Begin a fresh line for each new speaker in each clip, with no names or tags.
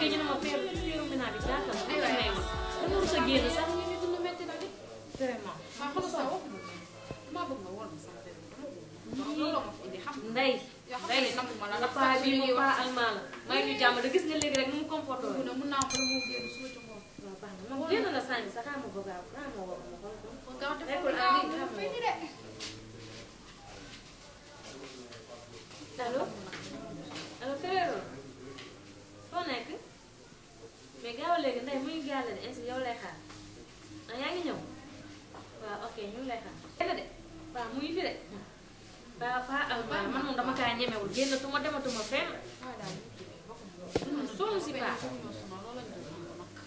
yàggee ñu ne ma feeru feeru mi naa bi jaaxal ma dama rus a génn sax ñu ngi dund métti na de vraiment xam nga ma bëgg nga war ma sax ndey bii moom paa almaa may ñu jàmm da gis nga léegi rek nu mu comporté woon mun naa ko mu génn suba ci moom waaw baax na moom génn na sànni sax xaaral ma bëgg a xaaral ma war ma est yow lay xaar ah yaa ngi ñëw waaw ok ñu ngi lay de mu ngi fi de. waaw Paa Alba man moom dama kaa ñemewul génn tuma dematuma fenn. sonn si Paa.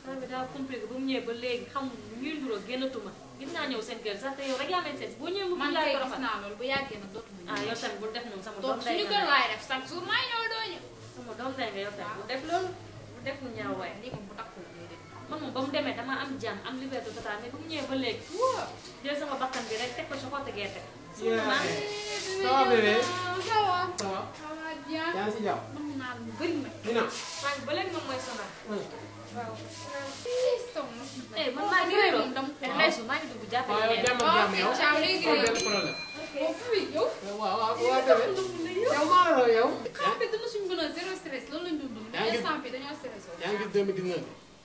Paa bi daa compliqué ba mu ñëwee ba léegi xamul ñuy nduroo génnatuma gis naa ñëw seen kër sax te yow rek yaa mel boo ñëwee mu. man kay gis naa loolu bu yàggee nag dootuma ñëw. ah yow tamit bu def noonu sama doom day suñu kër laay def chaque sama doom day nga yow tamit bu def loolu bu def lu ñaaw waaye lii moom bu takku la man moom ba mu demee dama am jàmm am liberté totale mais bu mu ba léegi waa jël sama bakkan bi rek teg ko ci xottu gerte. ça va bébé. ça va ça va. yaa ngi si jàmm. mën naa lu bëri nag. dina waaye ba léegi moom mooy sonal. waaw. eh man maa ngi réeróo waaw su maa ngi dugg jàppale. waaw jàmm ak jàmm yow waaw léegi léegi problème. yow. waaw waaw waaw bébé. yow maa la yow. xam nga dina suñu gën a zéro stress loolu lañ doon dund. yaa ngi instant bi dañoo stress. yaa ngi 2019.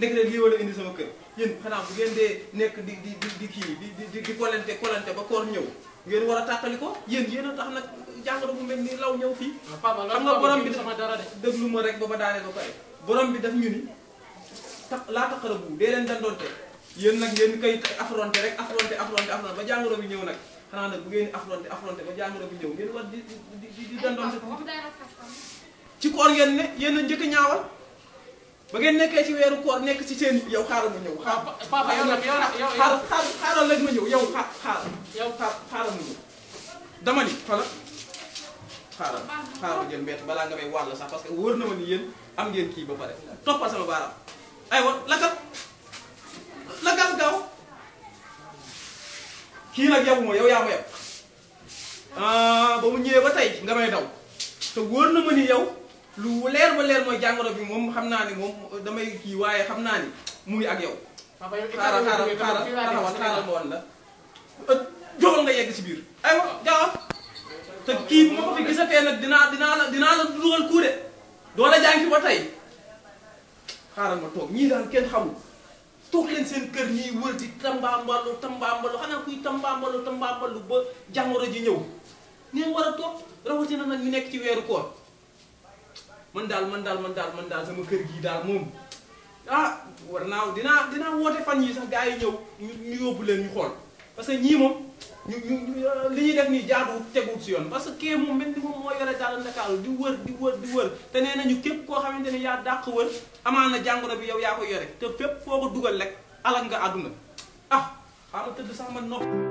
nek leen li wala indi sama kër yeen xana bu ngeen de nek di di di di ki di di di kolante kolante ba koor ñew ngeen wara a tàqali ko yéen yéen tax nak jangoro bu mel ni law ñew fi ah, xam nga borom bi sama dara de deglu ma rek ba ba daanee ba pare borom bi daf ñu ni tak la taqara bu dee leen dandoonte yeen nak yeen kay affronter rek affronter affronter affronter ba jangoro bi ñew nak xana nak bu ngeen affronter affronter ba jangoro bi ñew ngeen war di di di dandoonte ci koor ngeen ne yeen a njëkk ñaawal ba ngeen nekkee ci weeru koor nekk ci seen yow xaaral ma ñëw xaar papa yow nag yow nag xaaral ma ñëw yow xaaral ma dama ni xala xaaral xaaral jël mbett balaa nga may wàll sax parce que woor na ma ni yéen am ngeen kii ba pare toppal sama baaraam aywa lakkal lakkal gaaw kii nag yabu ma yow yaa ma ah, ba mu ñëwee ba tey nga may daw te wóor na ma ni yow lu leer ba leer mooy jàngoro bi moom xam naa ni moom damay kii waaye xam naa ni mu ak yow. papa yow xaaral xaaral xaaral xaaral ma woon la. joxal nga yegg si biir. aywa jaww te kii bu ma ko fi gisatee nag dinaa dinaa la dinaa la dugal kuude doo la jàng fi ba tey xaaral ma toog ñii daal kenn xamul toog leen seen kër ñiy wër di tambaambalu tambaambalu xanaa kuy tambaambalu tambaambalu ba jàngoro ji ñëw. ni war a toog rawatina nag ñu nekk ci weeru koor. man daal man daal man daal man daal sama kër gii daal moom ah war naa dinaa dinaa woote fan yi sax gars yi ñëw ñu ñu yóbbu leen ñu xool parce que ñii moom ñu ñu li ñuy def nii jaaduwul teguwul si yoon parce que kee moom mel ni moom moo yore daal ndakaaru di wër di wër nañu képp koo xamante ne yaa dàq wër amaan na jàngoro bi yow yaa ko yore te fépp foo ko dugal rek alal nga àdduna ah xaaral tëdd sax man nopp